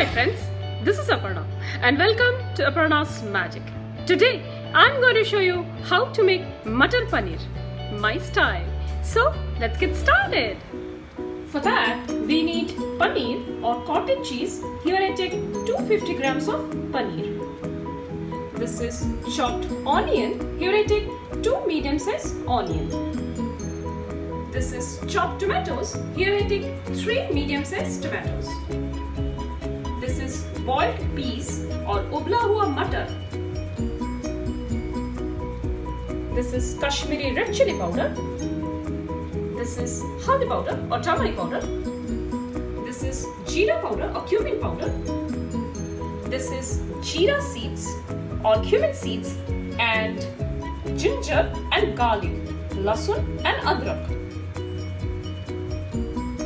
Hi friends, this is Aparna and welcome to Aparna's Magic. Today I'm going to show you how to make Matar Paneer, my style. So let's get started. For that we need paneer or cottage cheese. Here I take 250 grams of paneer. This is chopped onion. Here I take 2 medium sized onion. This is chopped tomatoes. Here I take 3 medium sized tomatoes. This is boiled peas or ubla hua matar. This is Kashmiri red chili powder. This is haldi powder or turmeric powder. This is jeera powder or cumin powder. This is jeera seeds or cumin seeds and ginger and garlic, lasun and adrak.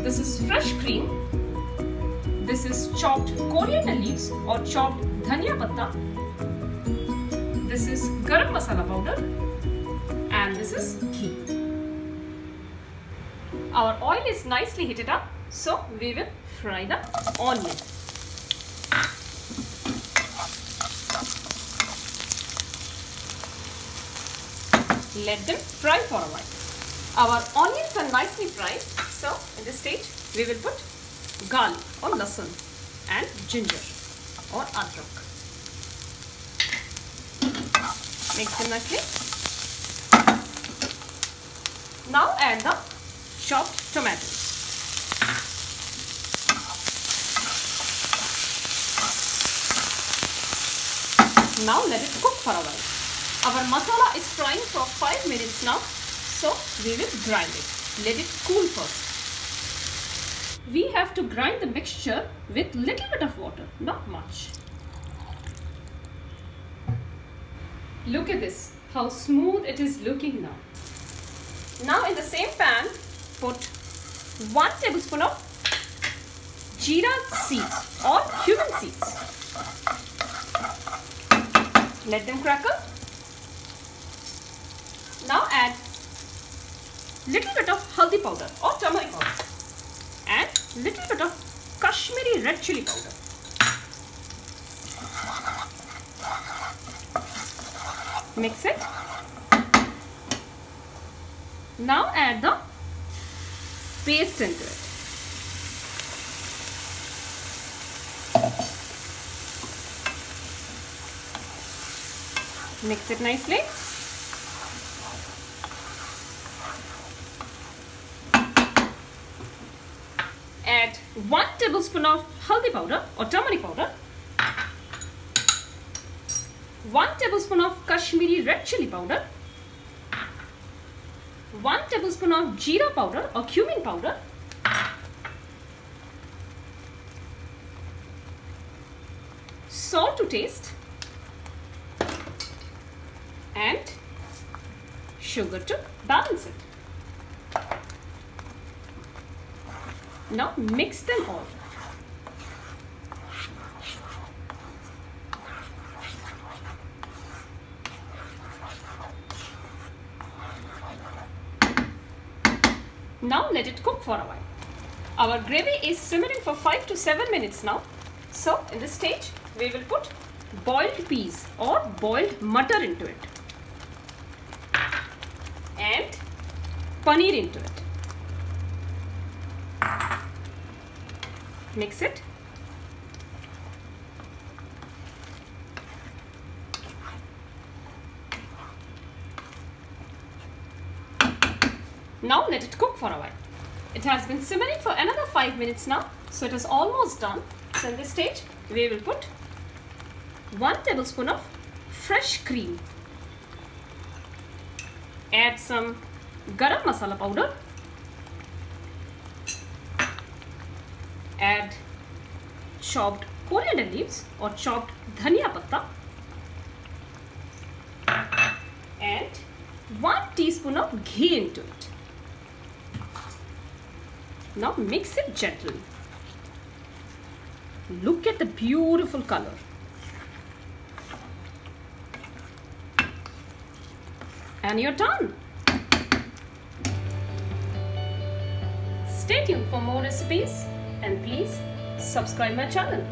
This is fresh cream this is chopped coriander leaves or chopped dhania patta. This is garam masala powder and this is ghee. Our oil is nicely heated up so we will fry the onion. Let them fry for a while. Our onions are nicely fried so in this stage we will put garlic और लहसुन and ginger और अदरक mixer में के now add the chopped tomatoes now let it cook for a while our masala is frying for 5 minutes now so we will grind it let it cool first we have to grind the mixture with little bit of water, not much. Look at this, how smooth it is looking now. Now in the same pan, put 1 tablespoon of jeera seeds or cumin seeds. Let them crackle. Now add little bit of haldi powder or turmeric powder little bit of Kashmiri red chili powder. Mix it. Now add the paste into it. Mix it nicely. 1 tablespoon of haldi powder or turmeric powder, 1 tablespoon of Kashmiri red chili powder, 1 tablespoon of jeera powder or cumin powder, 2 taste and sugar to balance it. Now mix them all. Now let it cook for a while. Our gravy is simmering for 5 to 7 minutes now. So in this stage we will put boiled peas or boiled mutter into it and paneer into it. mix it Now let it cook for a while. It has been simmering for another 5 minutes now. So it is almost done. So in this stage, we will put 1 tablespoon of fresh cream. Add some garam masala powder add chopped coriander leaves or chopped dhania patta and 1 teaspoon of ghee into it. Now mix it gently. Look at the beautiful color. And you're done. Stay tuned for more recipes and please subscribe my channel.